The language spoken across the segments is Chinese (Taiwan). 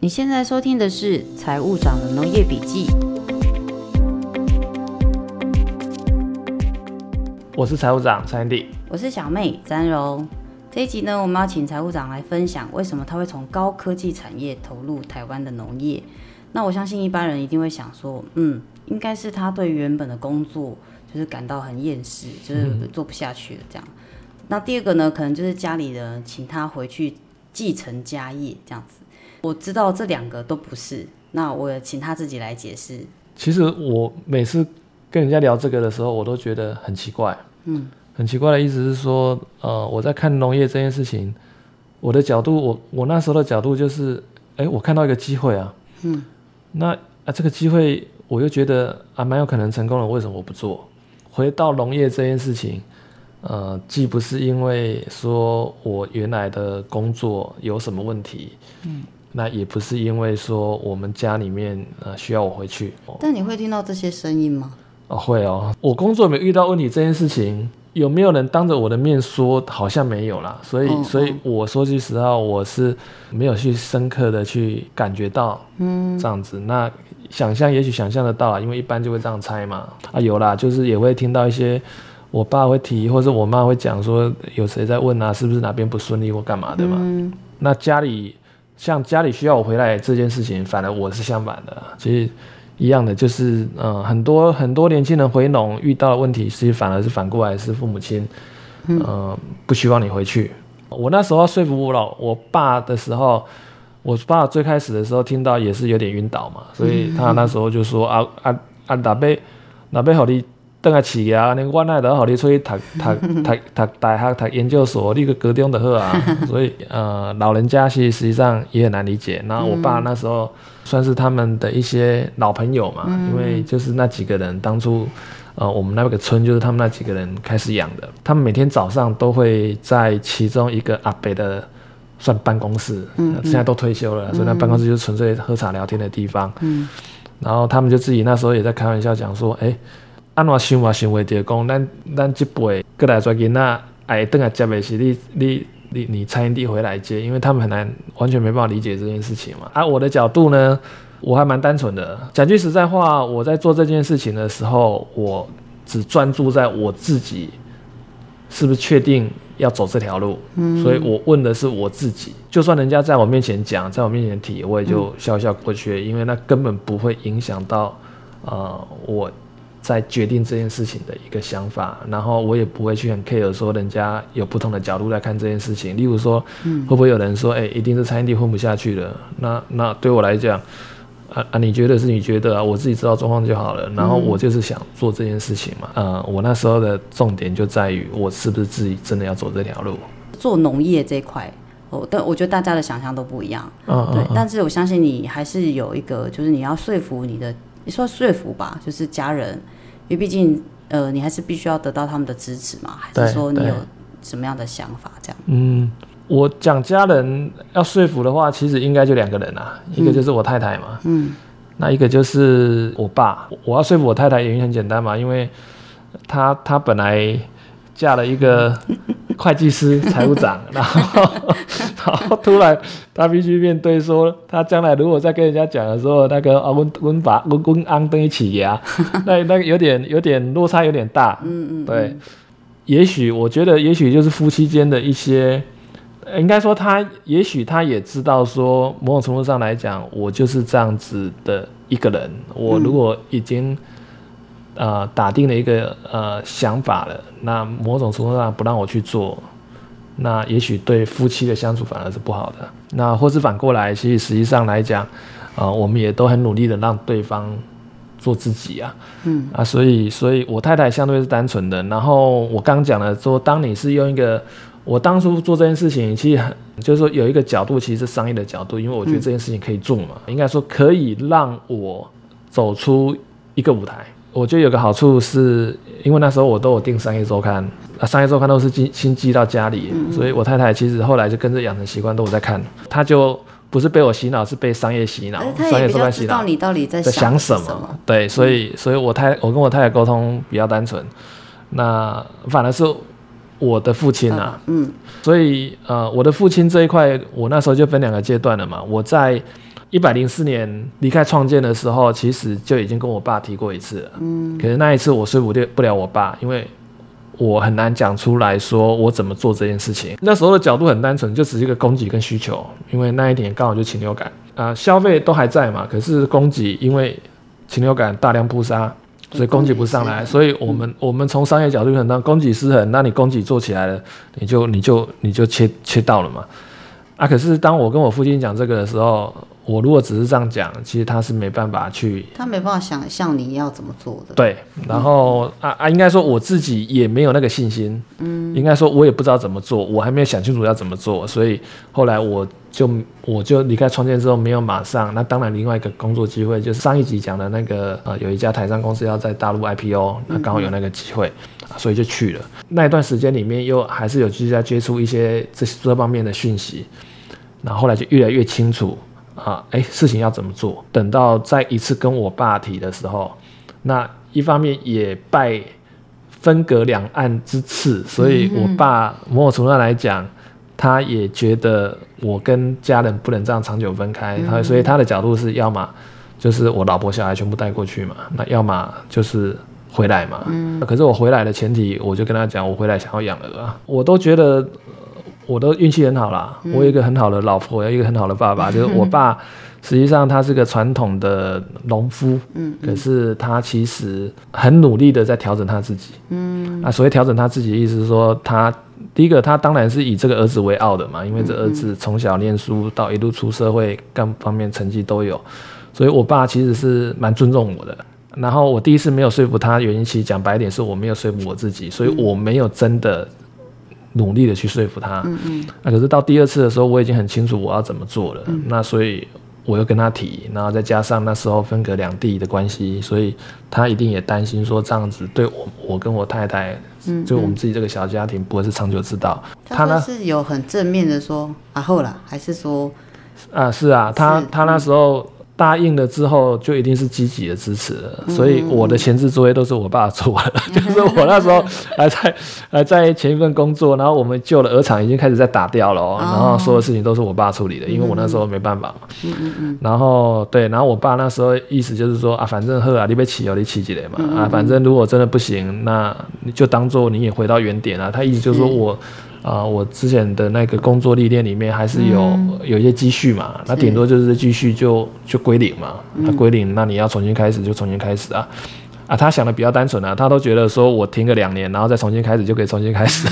你現在收聽的是《財務長的農業筆記》，我是財務長 Sandy，我是小妹詹柔。這一集呢，我們要請財務長來分享為什麼他會從高科技產業投入台灣的農業。那我相信一般人一定會想說，嗯，應該是他對原本的工作就是感到很厭世，就是做不下去了這樣。嗯、那第二個呢，可能就是家裡人請他回去繼承家業這樣子。我知道這兩個都不是，那我也請他自己來解釋。其實我每次跟人家聊這個的時候，我都覺得很奇怪。嗯，很奇怪的意思是說，呃，我在看農業這件事情，我的角度，我我那時候的角度就是，哎、欸，我看到一個機會啊。嗯，那啊這個機會我又覺得啊蠻有可能成功的，為什麼我不做？回到農業這件事情，呃，既不是因為說我原來的工作有什麼問題，嗯。那也不是因為說我們家裡面呃需要我回去。哦、但你會聽到這些聲音嗎？啊、哦，會哦。我工作有沒有遇到問題這件事情，有沒有人當着我的面說？好像沒有啦。所以，哦、所以我說句實話，我是沒有去深刻的去感覺到，嗯，這樣子。嗯、那想象也許想象得到啦，因為一般就會這樣猜嘛。啊，有啦，就是也會聽到一些我爸會提，或者我媽會講說有誰在問啊，是不是哪邊不順利或幹嘛的嘛。嗯、那家裡。像家裡需要我回來這件事情，反而我是相反的，其實一樣的，就是嗯，很多很多年輕人回農遇到的問題，其實反而是反過來是父母親，嗯，不希望你回去。我那時候說服我老我爸的時候，我爸最開始的時候聽到也是有點暈倒嘛，所以他那時候就說啊啊啊，哪杯哪杯好的。啊啊啊啊等下飼啊，那個我奈得好，你出去讀讀讀讀大學、讀研究所，你個高中的好啊。 所以呃，老人家其實，實際上也很難理解。然後我爸那時候算是他們的一些老朋友嘛，嗯、因為就是那幾個人當初呃，我們那個村就是他們那幾個人開始養的。他們每天早上都會在其中一個阿伯的算辦公室，嗯嗯現在都退休了，所以那辦公室就是純粹喝茶聊天的地方。嗯、然後他們就自己那時候也在開玩笑講說，哎。但我、啊、想話想要話，就是講咱咱這輩過來，跩囡那，哎，等下接的是你你你你外地回來接，因為他們很難完全沒辦法理解這件事情嘛。而、啊、我的角度呢，我還蠻單純的。講句實在話，我在做這件事情的時候，我只專注在我自己是不是確定要走這條路，嗯、所以我問的是我自己。就算人家在我面前講，在我面前提，我也就笑一笑過去，嗯、因為那根本不會影響到呃我。在決定這件事情的一個想法，然後我也不會去很 care 說人家有不同的角度來看這件事情。例如說，嗯、會不會有人說，哎、欸，一定是餐廳混不下去了？那那對我來講，啊，啊，你覺得是你覺得、啊，我自己知道狀況就好了。然後我就是想做這件事情嘛。呃、嗯嗯，我那時候的重點就在於我是不是自己真的要走這條路。做農業這一塊，我但我覺得大家的想象都不一樣。嗯。對，嗯、但是我相信你還是有一個，就是你要說服你的。你說說服吧，就是家人，因為畢竟呃，你還是必須要得到他們的支持嘛。還是說你有什麼樣的想法這樣？嗯，我講家人要說服的話，其實應該就兩個人啊，一個就是我太太嘛，嗯，那一個就是我爸。我，我要說服我太太原因很簡單嘛，因為她她本來嫁了一個。 會計師、財務長， 然後，然後突然他必須面對說，他將來如果再跟人家講的時候，那個啊溫溫巴溫溫安登一起呀，那那個有點有點落差有點大。嗯嗯。對、嗯，也許我覺得，也許就是夫妻間的一些，應該說他，也許他也知道說，某種程度上來講，我就是這樣子的一個人，我如果已經。嗯呃，打定了一個呃想法了，那某種程度上不讓我去做，那也許對夫妻的相處反而是不好的。那或是反過來，其實實際上來講，啊、呃，我們也都很努力的讓對方做自己啊，嗯啊，所以所以我太太相對是單純的。然後我剛講了說，當你是用一個我當初做這件事情，其實很就是說有一個角度其實是商業的角度，因為我覺得這件事情可以做嘛，嗯、應該說可以讓我走出一個舞台。我覺得有個好處是，因為那時候我都有訂商業週刊，啊，商業週刊都是寄新寄到家裡，嗯嗯，所以我太太其實後來就跟着養成習慣，都在看。她就不是被我洗腦，是被商業洗腦。商業週刊洗腦，知道你到底在想，在想什麼？對，所以，嗯、所以我太我跟我太太溝通比較單純。那反而是我的父親啊，啊嗯，所以呃，我的父親這一塊，我那時候就分兩個階段了嘛，我在。一百零四年離開創建的時候，其實就已經跟我爸提過一次了。嗯，可是那一次我說服不了我爸，因為我很難講出來說我怎麼做這件事情。那時候的角度很單純，就只是一個供給跟需求。因為那一點剛好就禽流感啊，消費都還在嘛，可是供給因為禽流感大量撲殺，所以供給不上來。欸、所以我們、嗯、我們從商業角度來講，供給失衡，那你供給做起來了，你就你就你就切切到了嘛。啊！可是當我跟我父親講這個的時候，我如果只是這樣講，其實他是沒辦法去，他沒辦法想象你要怎麼做的。對，然後啊、嗯、啊，應該說我自己也沒有那個信心，嗯，應該說我也不知道怎麼做，我還沒有想清楚要怎麼做，所以後來我就我就離開創建之後沒有馬上。那當然，另外一個工作機會就是上一集講的那個，呃，有一家台商公司要在大陸 IPO，那剛好有那個機會。嗯嗯。所以就去了，那一段時間裡面又還是有繼續在接觸一些這這方面的訊息，那後，後來就越來越清楚啊，哎、欸，事情要怎麼做？等到再一次跟我爸提的時候，那一方面也拜分隔兩岸之賜，所以我爸，嗯、哼某種程度上來講，他也覺得我跟家人不能這樣長久分開，嗯、哼他所以他的角度是要麼就是我老婆小孩全部帶過去嘛，那要麼就是。回來嘛？嗯。可是我回來的前提，我就跟他講，我回來想要養鵝啊。我都覺得，我都運氣很好啦。我有一個很好的老婆，有一個很好的爸爸，就是我爸。嗯、實際上，他是個傳統的農夫。嗯。可是他其實很努力的在調整他自己。嗯。那、啊、所謂調整他自己，意思是說，他第一個，他當然是以這個兒子為傲的嘛，因為這兒子從小念書到一路出社會，各方面成績都有。所以，我爸其實是蠻尊重我的。然後我第一次沒有說服他，原因其實講白點是我沒有說服我自己，所以我沒有真的努力的去說服他。嗯嗯。那、嗯啊、可是到第二次的時候，我已經很清楚我要怎麼做了。嗯、那所以我又跟他提，然後再加上那時候分隔兩地的關係，所以他一定也擔心說這樣子對我，我跟我太太，嗯，嗯就我們自己這個小家庭不會是長久之道。他呢是有很正面的說啊好啦，還是說是啊是啊，他、嗯、他，他那時候。答應了之後，就一定是積極的支持了，所以我的前置作業都是我爸做完了，嗯嗯嗯 就是我那時候還在還在前一份工作，然後我們舊的鵝場已經開始在打掉了，哦、然後所有事情都是我爸處理的，因為我那時候沒辦法，嗯嗯嗯，然後對，然後我爸那時候意思就是說啊，反正後來、啊、你被起、喔，有你起起來嘛，嗯嗯嗯啊，反正如果真的不行，那你就當做你也回到原點了、啊。他意思就是說我。啊、呃，我之前的那個工作歷練裡面還是有、嗯、有一些積蓄嘛，那頂是多就是積蓄就就歸零嘛，那歸零，那你要重新開始就重新開始啊，嗯、啊，他、啊、想的比較單純啊，他都覺得說我停個兩年，然後再重新開始就可以重新開始，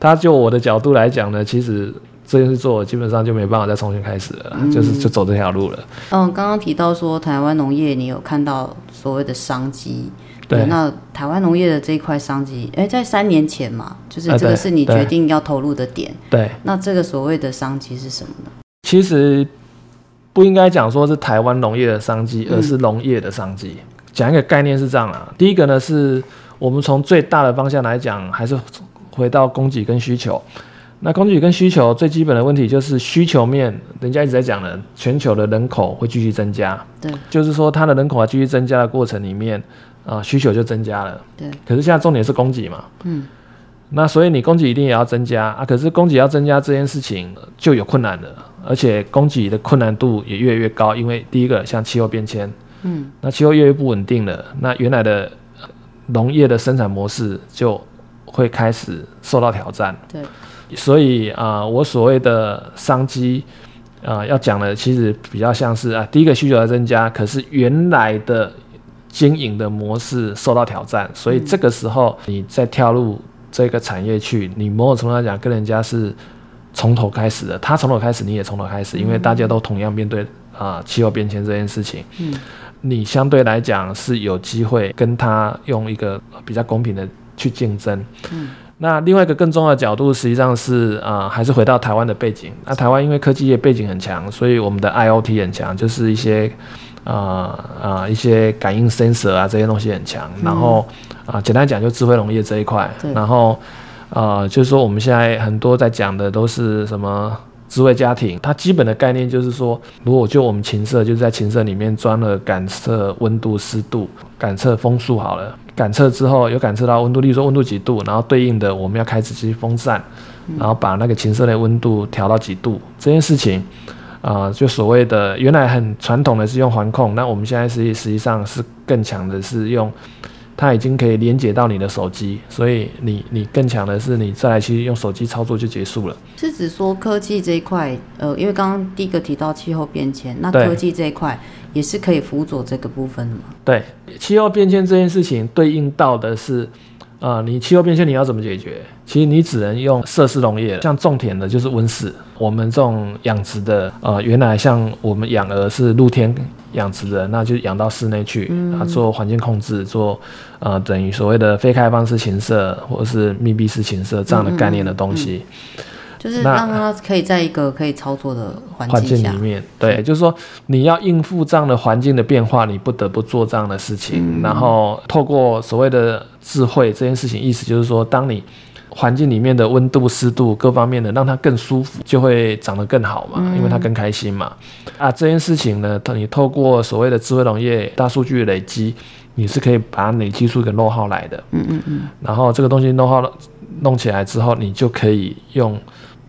他 就我的角度來講呢，其實這件事做我基本上就沒辦法再重新開始了，嗯、就是就走這條路了。嗯，剛剛提到說台灣農業，你有看到所謂的商機？對、嗯，那台灣農業的這一塊商機，誒、欸，在三年前嘛，就是這個是你決定要投入的點。對，對對，那這個所謂的商機是什麼呢？其實不應該講說是台灣農業的商機，而是農業的商機。講、嗯、一個概念是這樣啊，第一個呢是，我們從最大的方向來講，還是回到供給跟需求。那供給跟需求最基本的問題就是需求面，人家一直在講的，全球的人口會繼續增加。對，就是說，它的人口啊繼續增加的過程裡面。啊，需求就增加了。對。可是現在重點是供給嘛。嗯。那所以你供給一定也要增加啊。可是供給要增加這件事情就有困難了，而且供給的困難度也越來越高。因為第一個，像氣候變遷。嗯。那氣候越來越不穩定了，那原來的農業的生產模式就會開始受到挑戰。對。所以啊，我所謂的商機啊，要講的其實比較像是啊，第一個需求要增加，可是原來的。經營的模式受到挑戰，所以這個時候你再跳入這個產業去，你某種程度來講跟人家是從頭開始的。他從頭開始，你也從頭開始，因為大家都同樣面對啊、呃、氣候變遷這件事情，嗯、你相對來講是有機會跟他用一個比較公平的去競爭。嗯那另外一個更重要的角度，實際上是啊、呃，還是回到台灣的背景。那、啊、台灣因為科技業背景很強，所以我們的 IOT 很強，就是一些，呃呃，一些感應 sensor 啊，這些東西很強。嗯、然後啊、呃，簡單講就智慧農業這一塊。對然後呃，就是說我們現在很多在講的都是什麼？智慧家庭，它基本的概念就是說，如果就我們禽舍，就是在禽舍裡面裝了感測溫度、濕度、感測風速，好了，感測之後有感測到溫度，例如說溫度幾度，然後對應的我們要開幾級風扇，然後把那個禽舍的溫度調到幾度、嗯、這件事情，啊、呃，就所謂的原來很傳統的是用環控，那我們現在實際實際上是更強的是用。它已經可以連接到你的手機，所以你你更強的是，你再來去用手機操作就結束了。是指說科技這一塊，呃，因為剛剛第一個提到氣候變遷，那科技這一塊也是可以輔佐這個部分的嗎？對，氣候變遷這件事情對應到的是。啊、呃，你氣候變遷你要怎麼解決？其實你只能用設施農業，像種田的就是溫室，我們這種養殖的，呃，原來像我們養鵝是露天養殖的，那就養到室內去，嗯、啊，做環境控制，做呃等於所謂的非開放式禽舍，或者是密閉式禽舍這樣的概念的東西。嗯嗯嗯嗯就是讓它可以在一個可以操作的環境，境裡面，對，就是說你要應付這樣的環境的變化，你不得不做這樣的事情。然後透過所謂的智慧這件事情，意思就是說，當你環境裡面的溫度、濕度各方面的讓它更舒服，就會長得更好嘛，因為它更開心嘛。啊，這件事情呢，你透過所謂的智慧農業、大數據累積，你是可以把你技術出一個 know-how 來的。嗯嗯嗯。然後這個東西 know-how 弄起來之後，你就可以用。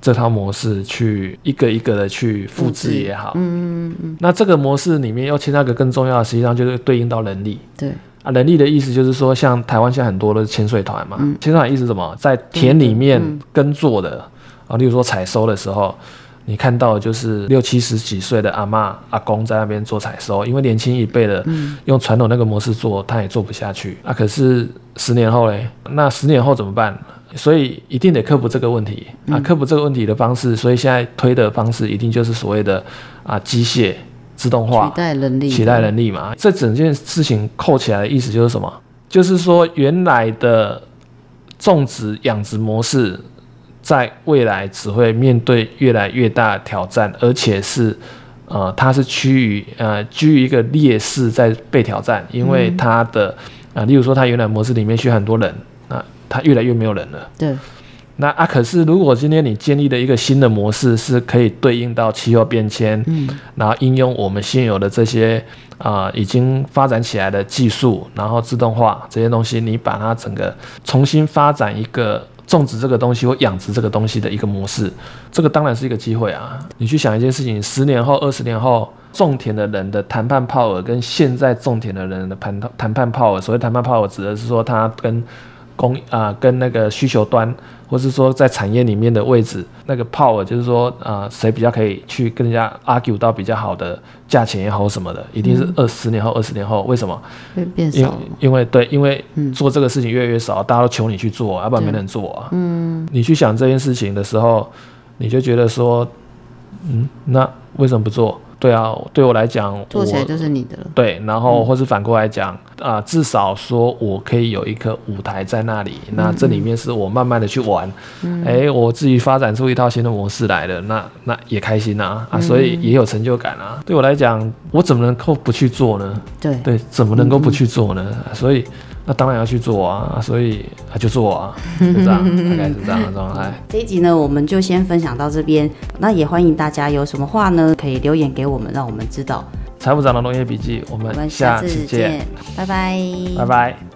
這套模式去一個一個的去複製也好，嗯嗯嗯，那這個模式裡面又欠那個更重要的，實際上就是對應到人力，對啊，人力的意思就是說，像台灣現在很多的千歲團嘛，嗯、千歲團意思是什麼？在田裡面耕作的、嗯嗯嗯、啊，例如說採收的時候，你看到的就是六七十幾歲的阿嬤、阿公在那邊做採收，因為年輕一輩的用傳統那個模式做，他也做不下去，那、啊、可是十年後嘞，那十年後怎麼辦？所以一定得克服這個問題啊！嗯、克服這個問題的方式，所以現在推的方式一定就是所謂的啊機械自動化取代人力，取代人力嘛。嗯、這整件事情扣起來的意思就是什麼？就是說原來的種植養殖模式，在未來只會面對越來越大的挑戰，而且是呃，它是趨於呃居於一個劣勢在被挑戰，因為它的、嗯、啊，例如說它原來模式裡面需要很多人。它越來越沒有人了。對，那啊，可是如果今天你建立了一個新的模式，是可以對應到氣候變遷，嗯，然後應用我們現有的這些啊、呃、已經發展起來的技術，然後自動化這些東西，你把它整個重新發展一個種植這個東西或養殖這個東西的一個模式，這個當然是一個機會啊。你去想一件事情，十年後、二十年後，種田的人的談判 power 跟現在種田的人的談談判 power，所謂談判 power 指的是說它跟供應啊、呃，跟那個需求端，或是說在產業裡面的位置，那個 power 就是說，啊、呃，誰比較可以去跟人家 argue 到比較好的價錢也好什麼的，一定是二十年後、嗯、二十年後，為什麼？會變少？因、因為，對，因為做這個事情越來越少，大家都求你去做，要不然沒人做啊。嗯，你去想這件事情的時候，你就覺得說，嗯，那為什麼不做？對啊，對我來講，做起來就是你的了。對，然後、嗯、或是反過來講，啊、呃，至少說我可以有一個舞台在那裡，嗯嗯，那這裡面是我慢慢的去玩，哎嗯嗯、欸，我自己發展出一套新的模式來的，那那也開心吶、啊，啊，嗯嗯，所以也有成就感啊。對我來講，我怎麼能夠不去做呢？對對，怎麼能夠不去做呢？嗯嗯所以。那當然要去做啊，所以他就做啊，就 這樣，大概是這樣的狀態。這一集呢，我們就先分享到這邊。那也歡迎大家有什麼話呢，可以留言給我們，讓我們知道。財務長的農業筆記，我們，我們下次見，下次見，拜拜，拜拜。